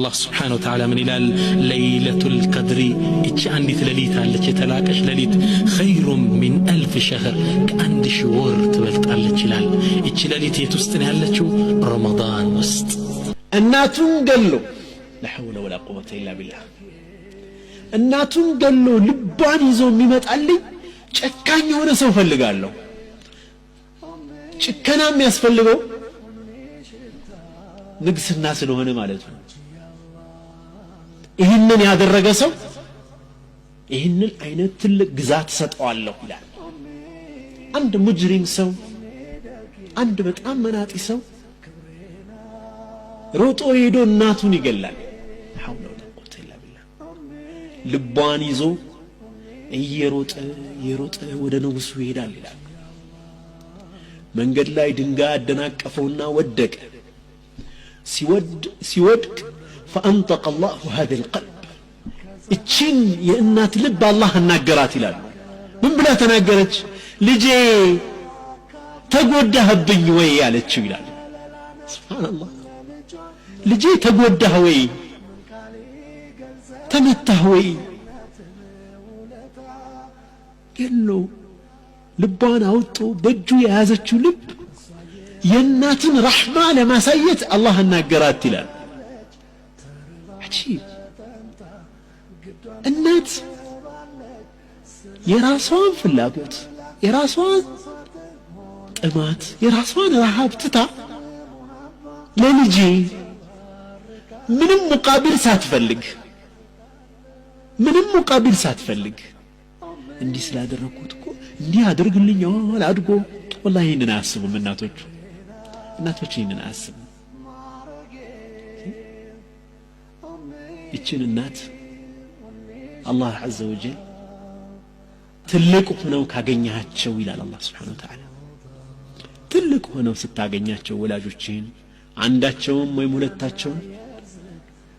አላህ ስብሓነ ወተዓላ ምን ይላል? ለይለቱል ቀድሪ እቺ አንዲት ለሊት አለች፣ የተላቀች ለሊት ኸይሩም ሚን አልፍ ሸህር ከአንድ ሺህ ወር ትበልጣለች ይላል። እቺ ሌሊት የት ውስጥ ነው ያለችው? ረመዳን ውስጥ። እናቱን ገሎ ለሐውለ ወላ ቁወተ ኢላ ቢላህ፣ እናቱን ገሎ ልቧን ይዞ የሚመጣልኝ ጨካኝ የሆነ ሰው ፈልጋለሁ። ጭከና የሚያስፈልገው ንግስና ስለሆነ ማለት ነው ይህንን ያደረገ ሰው ይህንን አይነት ትልቅ ግዛት ሰጠዋለሁ ይላል። አንድ ሙጅሪም ሰው፣ አንድ በጣም መናጢ ሰው ሮጦ ሄዶ እናቱን ይገላል። ልቧን ይዞ እየሮጠ እየሮጠ ወደ ንጉሱ ይሄዳል ይላል። መንገድ ላይ ድንጋይ አደናቀፈውና ወደቀ። ሲወድቅ فأنطق الله هذا القلب اتشين يأنا تلب الله الناقرات لا من بلا تناقرت لجي تقودها الدنيا وي على سبحان الله لجي تقودها وي تمتها وي له لبانا اوتو بجو يا هذا لب يناتن رحمة لما سيت الله الناقرات تلال አንቺ እናት የራሷን ፍላጎት የራሷን ጥማት የራሷን ረሃብ ትታ ለልጄ ምንም ሙቃቢል ሳትፈልግ ምንም ሙቃቢል ሳትፈልግ እንዲህ ስላደረግኩት እኮ እንዲህ አድርግልኝ አድጎ ወላሂ ይህንን አያስቡም እናቶቹ እናቶች ይህንን አያስቡም ይችን እናት አላህ ዐዘ ወጀል ትልቅ ሆነው ካገኛቸው ይላል አላህ ስብሓነሁ ወተዓላ ትልቅ ሆነው ስታገኛቸው ወላጆችህን አንዳቸውም ወይም ሁለታቸውን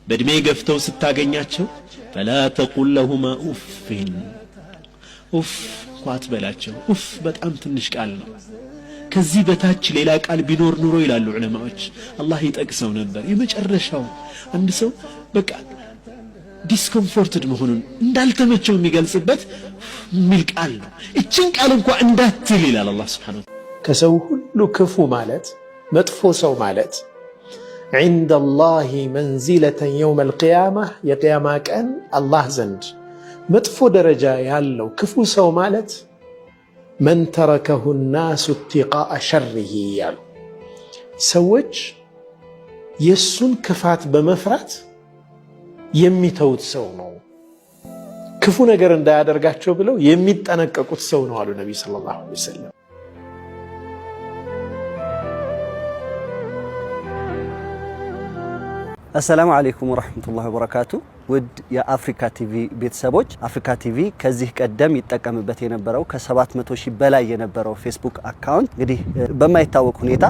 በእድሜ ገፍተው ስታገኛቸው ፈላ ተቁል ለሁማ ኡፍን ኡፍ እኳ አትበላቸው። ኡፍ በጣም ትንሽ ቃል ነው። ከዚህ በታች ሌላ ቃል ቢኖር ኑሮ ይላሉ ዑለማዎች አላህ ይጠቅሰው ነበር። የመጨረሻው አንድ ሰው በቃ ዲስኮምፎርትድ መሆኑን እንዳልተመቸው የሚገልጽበት የሚል ቃል ነው። እችን ቃል እንኳ እንዳትል ይላል አላህ ስብሐነሁ ከሰው ሁሉ ክፉ ማለት መጥፎ ሰው ማለት ዒንደ ላሂ መንዚለተን የውመል ቅያማ የቅያማ ቀን አላህ ዘንድ መጥፎ ደረጃ ያለው ክፉ ሰው ማለት መን ተረከሁ ናሱ ኢብቲቃአ ሸርህ እያሉ ሰዎች የእሱን ክፋት በመፍራት የሚተውት ሰው ነው። ክፉ ነገር እንዳያደርጋቸው ብለው የሚጠነቀቁት ሰው ነው አሉ ነቢይ ሰለላሁ ዐለይሂ ወሰለም። አሰላሙ አለይኩም ወረሕመቱላሂ ወበረካቱ ውድ የአፍሪካ ቲቪ ቤተሰቦች አፍሪካ ቲቪ ከዚህ ቀደም ይጠቀምበት የነበረው ከ700 ሺህ በላይ የነበረው ፌስቡክ አካውንት እንግዲህ በማይታወቅ ሁኔታ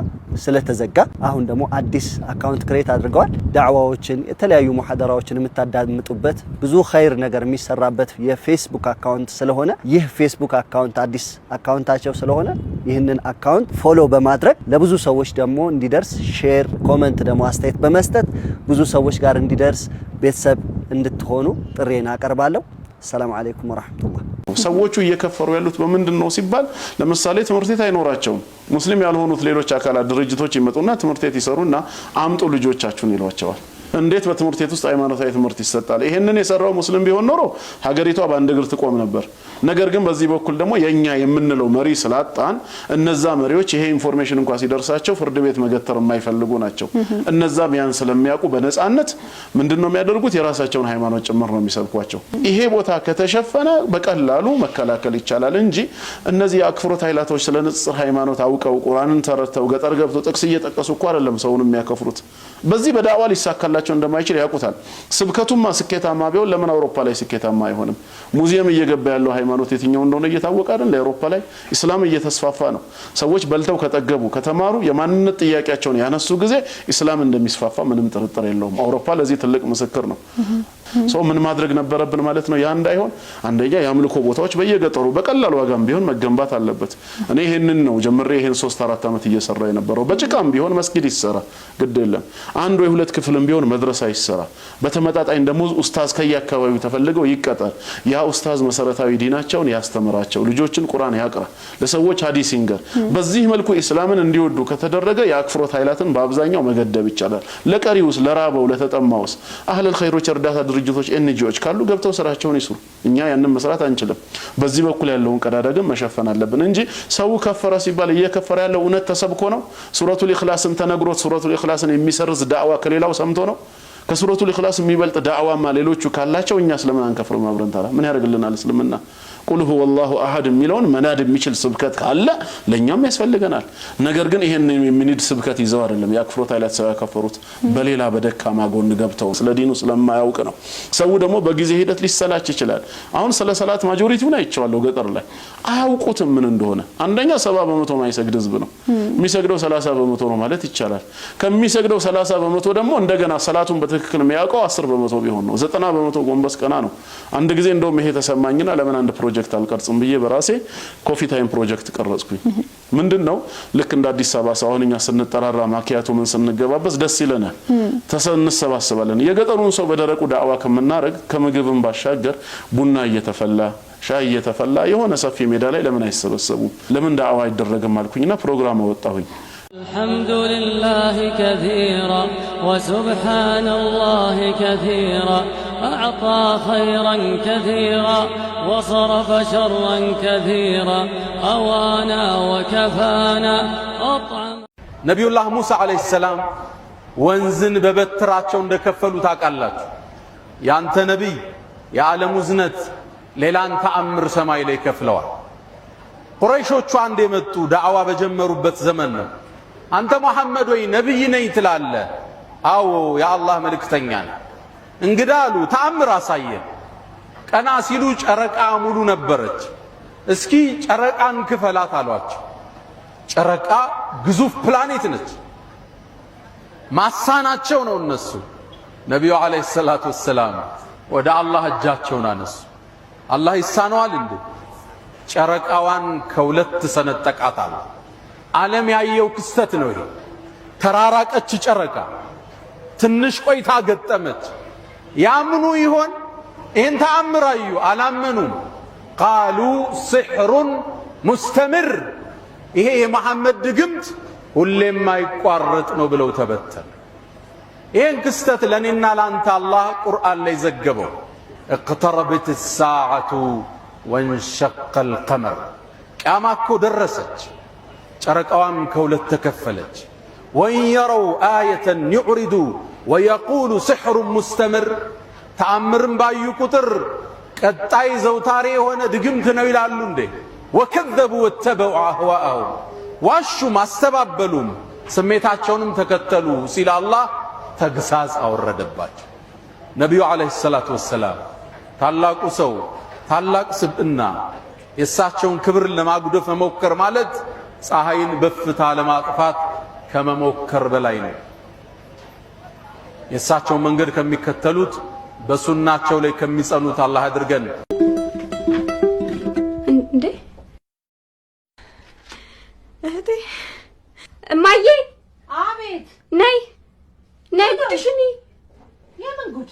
ስለተዘጋ አሁን ደግሞ አዲስ አካውንት ክሬት አድርገዋል። ዳዕዋዎችን፣ የተለያዩ ሙሐደራዎችን የምታዳምጡበት ብዙ ኸይር ነገር የሚሰራበት የፌስቡክ አካውንት ስለሆነ ይህ ፌስቡክ አካውንት አዲስ አካውንታቸው ስለሆነ ይህንን አካውንት ፎሎ በማድረግ ለብዙ ሰዎች ደግሞ እንዲደርስ ሼር፣ ኮመንት ደግሞ አስተያየት በመስጠት ብዙ ሰዎች ጋር እንዲደርስ ቤተሰብ እንድትሆኑ ጥሬን አቀርባለሁ። ሰላም አለይኩም ወራህመቱላህ። ሰዎቹ እየከፈሩ ያሉት በምንድን ነው ሲባል፣ ለምሳሌ ትምህርት ቤት አይኖራቸውም። ሙስሊም ያልሆኑት ሌሎች አካላት ድርጅቶች ይመጡና ትምህርት ቤት ይሰሩና አምጡ ልጆቻችሁን ይሏቸዋል። እንዴት በትምህርት ቤት ውስጥ ሃይማኖታዊ ትምህርት ይሰጣል? ይሄንን የሰራው ሙስሊም ቢሆን ኖሮ ሀገሪቷ በአንድ እግር ትቆም ነበር። ነገር ግን በዚህ በኩል ደግሞ የእኛ የምንለው መሪ ስላጣን እነዛ መሪዎች ይሄ ኢንፎርሜሽን እንኳ ሲደርሳቸው ፍርድ ቤት መገተር የማይፈልጉ ናቸው። እነዛ ያን ስለሚያውቁ በነጻነት ምንድን ነው የሚያደርጉት? የራሳቸውን ሃይማኖት ጭምር ነው የሚሰብኳቸው። ይሄ ቦታ ከተሸፈነ በቀላሉ መከላከል ይቻላል እንጂ እነዚህ የአክፍሮት ኃይላቶች ስለ ንጽጽር ሃይማኖት አውቀው ቁርአንን ተረድተው ገጠር ገብተው ጥቅስ እየጠቀሱ እኮ አይደለም ሰውን የሚያከፍሩት። በዚህ በዳዕዋ ሊሳካላቸው እንደማይችል ያውቁታል። ስብከቱማ ስኬታማ ቢሆን ለምን አውሮፓ ላይ ስኬታማ አይሆንም? ሙዚየም እየገባ ያለው ሃይማኖት የትኛው እንደሆነ እየታወቀ አይደል? አውሮፓ ላይ ኢስላም እየተስፋፋ ነው። ሰዎች በልተው ከጠገቡ ከተማሩ፣ የማንነት ጥያቄያቸውን ያነሱ ጊዜ ኢስላም እንደሚስፋፋ ምንም ጥርጥር የለውም። አውሮፓ ለዚህ ትልቅ ምስክር ነው። ሰው ምን ማድረግ ነበረብን ማለት ነው። ያ እንዳይሆን አንደኛ የአምልኮ ቦታዎች በየገጠሩ በቀላል ዋጋም ቢሆን መገንባት አለበት። እኔ ይህንን ነው ጀምሬ ይህን ሶስት አራት ዓመት እየሰራ የነበረው። በጭቃም ቢሆን መስጊድ ይሰራ ግድ የለም። አንድ ወይ ሁለት ክፍልም ቢሆን መድረሳ ይሰራ። በተመጣጣኝ ደግሞ ኡስታዝ ከየአካባቢው ተፈልገው ይቀጠር። ያ ኡስታዝ መሰረታዊ ዲናቸውን ያስተምራቸው፣ ልጆችን ቁርአን ያቅራ፣ ለሰዎች ሀዲስ ይንገር። በዚህ መልኩ ኢስላምን እንዲወዱ ከተደረገ የአክፍሮት ኃይላትን በአብዛኛው መገደብ ይቻላል። ለቀሪውስ፣ ለራበው፣ ለተጠማውስ አህለል ኸይሮች፣ እርዳታ ድርጅቶች፣ ኤንጂዎች ካሉ ገብተው ስራቸውን ይስሩ። እኛ ያንን መስራት አንችልም። በዚህ በኩል ያለውን ቀዳዳ ግን መሸፈን አለብን እንጂ ሰው ከፈረ ሲባል እየከፈረ ያለው እውነት ተሰብኮ ነው። ሱረቱል ኢኽላስን ተነግሮት ሱረቱል ኢኽላስን የሚሰርዝ ኢኽላስ ዳዕዋ ከሌላው ሰምቶ ነው። ከሱረቱል ኢኽላስ የሚበልጥ ዳዕዋማ ሌሎቹ ካላቸው እኛ ስለምን አንከፍርም? አብረን ታዲያ ምን ያደርግልናል እስልምና? ቁል ሁወ ላሁ አሀድ የሚለውን መናድ የሚችል ስብከት ካለ ለእኛም ያስፈልገናል። ነገር ግን ይሄን የሚንድ ስብከት ይዘው አይደለም የአክፍሮት ኃይላት ሰው ያከፈሩት በሌላ በደካማ ጎን ገብተው ስለ ዲኑ ስለማያውቅ ነው። ሰው ደግሞ በጊዜ ሂደት ሊሰላች ይችላል። አሁን ስለ ሰላት ማጆሪቲውን አይቼዋለሁ። ገጠር ላይ አያውቁትም ምን እንደሆነ። አንደኛ ሰባ በመቶ ማይሰግድ ህዝብ ነው የሚሰግደው ሰላሳ በመቶ ነው ማለት ይቻላል። ከሚሰግደው ሰላሳ በመቶ ደግሞ እንደገና ሰላቱን በትክክል የሚያውቀው አስር በመቶ ቢሆን ነው። ዘጠና በመቶ ጎንበስ ቀና ነው። አንድ ጊዜ እንደውም ይሄ ተሰማኝና ለምን አንድ ፕሮጀክት ፕሮጀክት አልቀርጽም ብዬ በራሴ ኮፊ ታይም ፕሮጀክት ቀረጽኩኝ። ምንድን ነው ልክ እንደ አዲስ አበባ ሰው አሁን እኛ ስንጠራራ ማኪያቶ ምን ስንገባበስ ደስ ይለናል፣ እንሰባስባለን። የገጠሩን ሰው በደረቁ ዳዕዋ ከምናደርግ ከምግብም ባሻገር ቡና እየተፈላ ሻይ እየተፈላ የሆነ ሰፊ ሜዳ ላይ ለምን አይሰበሰቡም? ለምን ዳዕዋ አይደረግም አልኩኝና ፕሮግራም አወጣሁኝ። አልሐምዱሊላሂ ከሲራ ወሱብሃነላሂ ከሲራ أعطى خيرا كثيرا وصرف شرا كثيرا أوانا وكفانا أطعم نبي الله موسى عليه السلام ወንዝን በበትራቸው እንደከፈሉ ታውቃላችሁ። ያንተ ነቢይ የዓለም ውዝነት ሌላን ተአምር ሰማይ ላይ ከፍለዋል። ቁረይሾቹ አንድ የመጡ ዳዕዋ በጀመሩበት ዘመን ነው። አንተ መሐመድ ወይ ነቢይ ነኝ ትላለ? አዎ የአላህ መልእክተኛ ነው። እንግዳ አሉ። ተአምር አሳየ! ቀና ሲሉ ጨረቃ ሙሉ ነበረች። እስኪ ጨረቃን ክፈላት አሏቸው። ጨረቃ ግዙፍ ፕላኔት ነች። ማሳናቸው ነው እነሱ። ነቢዩ አለይሂ ሰላቱ ወሰላም ወደ አላህ እጃቸውን አነሱ። አላህ ይሳነዋል እንዴ? ጨረቃዋን ከሁለት ሰነጠቃት አለ። ዓለም ያየው ክስተት ነው ይሄ። ተራራቀች ጨረቃ፣ ትንሽ ቆይታ ገጠመች። ያምኑ ይሆን? ይህን ተአምር አዩ? አላመኑም። ቃሉ ስሕሩን ሙስተምር፣ ይሄ የመሐመድ ድግምት ሁሌም አይቋረጥ ነው ብለው ተበተኑ። ይህን ክስተት ለእኔና ለአንተ አላህ ቁርአን ላይ ዘገበው። እቅተረበት ሳዓቱ ወንሸቀል ቀመር፣ ቅያማ እኮ ደረሰች፣ ጨረቃዋም ከሁለት ተከፈለች። ወንየረው አየተን ዩዕሪዱ ወየቁሉ ስሕሩን ሙስተምር ተአምርን ባዩ ቁጥር ቀጣይ ዘውታሪ የሆነ ድግምት ነው ይላሉ። እንዴ ወከዘቡ ወተበው አህዋአሁ ዋሹም አስተባበሉም ስሜታቸውንም ተከተሉ ሲል አላህ ተግሳጽ አወረደባቸው። ነቢዩ ዓለይሂ ሰላቱ ወሰላም ታላቁ ሰው ታላቅ ስብዕና የእሳቸውን ክብር ለማጉደፍ መሞከር ማለት ፀሐይን በፍታ ለማጥፋት ከመሞከር በላይ ነው። የእሳቸው መንገድ ከሚከተሉት በሱናቸው ላይ ከሚጸኑት አላህ አድርገን። እንዴ እህቴ፣ እማዬ! አቤት! ነይ ነይ፣ ጉድሽኒ! የምን ጉድ?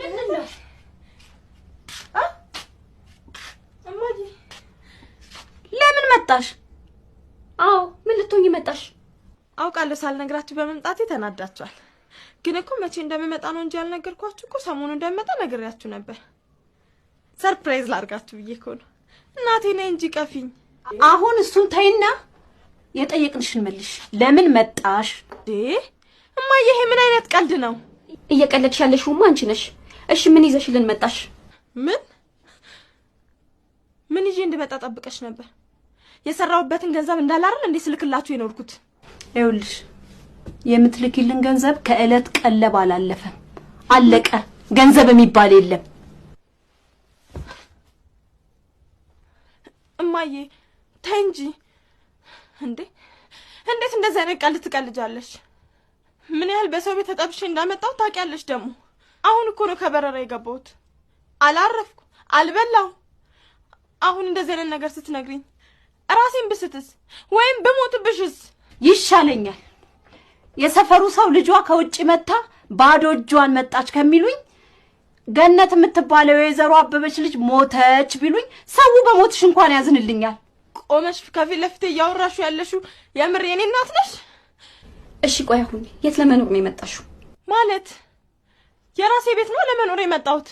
ምንድን ነው? ለምን መጣሽ? አዎ፣ ምን ልትሆኚ መጣሽ? አውቃለሁ ሳልነግራችሁ በመምጣቴ ተናዳችኋል። ግን እኮ መቼ እንደምመጣ ነው እንጂ ያልነገርኳችሁ እኮ ሰሞኑ እንደምመጣ ነግሬያችሁ ነበር። ሰርፕራይዝ ላርጋችሁ ብዬ እኮ ነው። እናቴ ነኝ እንጂ ቀፊኝ። አሁን እሱን ተይና የጠየቅንሽን መልሽ። ለምን መጣሽ? እማዬ ይሄ ምን አይነት ቀልድ ነው? እየቀለድሽ ያለሽውማ አንቺ ነሽ። እሺ ምን ይዘሽልን መጣሽ? ምን ምን ይዤ እንድመጣ ጠብቀሽ ነበር? የሰራሁበትን ገንዘብ እንዳላረል እንዴ ስልክላችሁ የኖርኩት ይኸውልሽ የምትልኪልን ገንዘብ ከእለት ቀለብ አላለፈም። አለቀ። ገንዘብ የሚባል የለም። እማዬ ተይ እንጂ እንዴ! እንዴት እንደዚህ አይነት ቃል ትቀልጃለሽ? ምን ያህል በሰው ቤት ተጠብሼ እንዳመጣው ታውቂያለሽ። ደግሞ አሁን እኮ ነው ከበረራ የገባሁት። አላረፍኩ፣ አልበላሁ። አሁን እንደዚህ አይነት ነገር ስትነግሪኝ ራሴን ብስትስ ወይም ብሞትብሽስ? ይሻለኛል። የሰፈሩ ሰው ልጇ ከውጭ መታ ባዶ እጇን መጣች ከሚሉኝ ገነት የምትባለው የወይዘሮ አበበች ልጅ ሞተች ቢሉኝ ሰው በሞትሽ እንኳን ያዝንልኛል። ቆመሽ ከፊት ለፊት እያወራሹ ያለሽው የምር የኔ እናት ነሽ? እሺ ቆይ አሁን የት ለመኖር ነው የመጣሽው? ማለት የራሴ ቤት ነው ለመኖር የመጣሁት።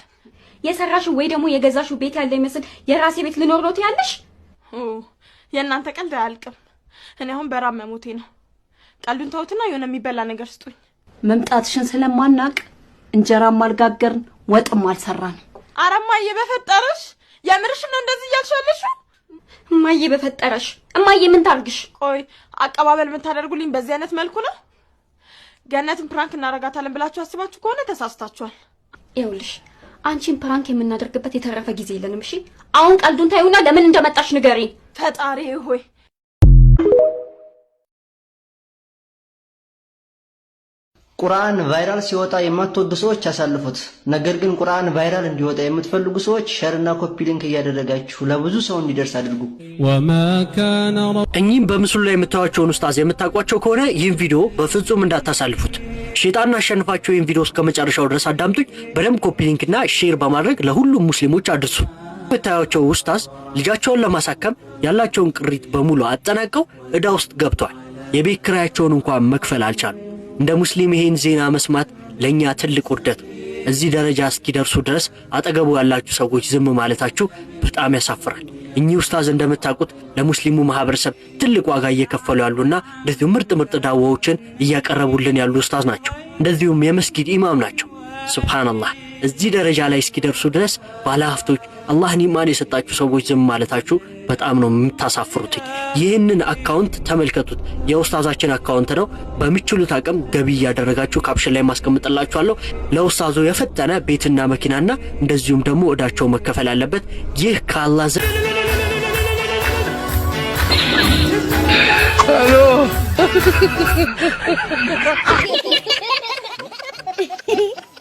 የሰራሽው ወይ ደግሞ የገዛሽው ቤት ያለ ይመስል የራሴ ቤት ልኖር ነው ትያለሽ? የእናንተ ቀልድ አያልቅም። እኔ አሁን በራብ መሞቴ ነው። ቀልዱን ተውትና የሆነ የሚበላ ነገር ስጡኝ። መምጣትሽን ስለማናቅ እንጀራም አልጋገርን ወጥም አልሰራን። ኧረ እማዬ በፈጠረሽ የምርሽ ነው እንደዚህ እያልሻለሽ? እማዬ በፈጠረሽ እማዬ ምን ታርግሽ? ቆይ አቀባበል የምታደርጉልኝ በዚህ አይነት መልኩ ነው? ገነትን ፕራንክ እናደርጋታለን ብላችሁ አስባችሁ ከሆነ ተሳስታችኋል። ይኸውልሽ አንቺን ፕራንክ የምናደርግበት የተረፈ ጊዜ የለንም። እሺ አሁን ቀልዱን ታዩና ለምን እንደመጣሽ ንገሪ። ፈጣሪ ሆይ ቁርአን ቫይራል ሲወጣ የማትወዱ ሰዎች አሳልፉት። ነገር ግን ቁርአን ቫይራል እንዲወጣ የምትፈልጉ ሰዎች ሸርና ኮፒ ሊንክ እያደረጋችሁ ለብዙ ሰው እንዲደርስ አድርጉ። እኚህም በምስሉ ላይ የምታዩቸውን ኡስታዝ የምታውቋቸው ከሆነ ይህን ቪዲዮ በፍጹም እንዳታሳልፉት። ሼጣን አሸንፋቸው። ይህን ቪዲዮ እስከ መጨረሻው ድረስ አዳምጡኝ። በደንብ ኮፒ ሊንክና ሼር በማድረግ ለሁሉም ሙስሊሞች አድርሱ። የምታዩቸው ኡስታዝ ልጃቸውን ለማሳከም ያላቸውን ቅሪት በሙሉ አጠናቀው እዳ ውስጥ ገብተዋል። የቤት ክራያቸውን እንኳን መክፈል አልቻሉ። እንደ ሙስሊም ይሄን ዜና መስማት ለኛ ትልቅ ውርደት፣ እዚህ ደረጃ እስኪደርሱ ድረስ አጠገቡ ያላችሁ ሰዎች ዝም ማለታችሁ በጣም ያሳፍራል። እኚህ ኡስታዝ እንደምታውቁት ለሙስሊሙ ማህበረሰብ ትልቅ ዋጋ እየከፈሉ ያሉና እንደዚሁም ምርጥ ምርጥ ዳዋዎችን እያቀረቡልን ያሉ ኡስታዝ ናቸው። እንደዚሁም የመስጊድ ኢማም ናቸው። ሱብሃነላህ እዚህ ደረጃ ላይ እስኪደርሱ ድረስ ባለሀብቶች፣ አላህን ኢማን የሰጣችሁ ሰዎች ዝም ማለታችሁ በጣም ነው የምታሳፍሩት። ይህንን አካውንት ተመልከቱት፣ የኡስታዛችን አካውንት ነው። በሚችሉት አቅም ገቢ እያደረጋችሁ ካፕሽን ላይ ማስቀምጥላችኋለሁ። ለኡስታዙ የፈጠነ ቤትና መኪናና እንደዚሁም ደግሞ እዳቸው መከፈል አለበት። ይህ ከአላህ ዘንድ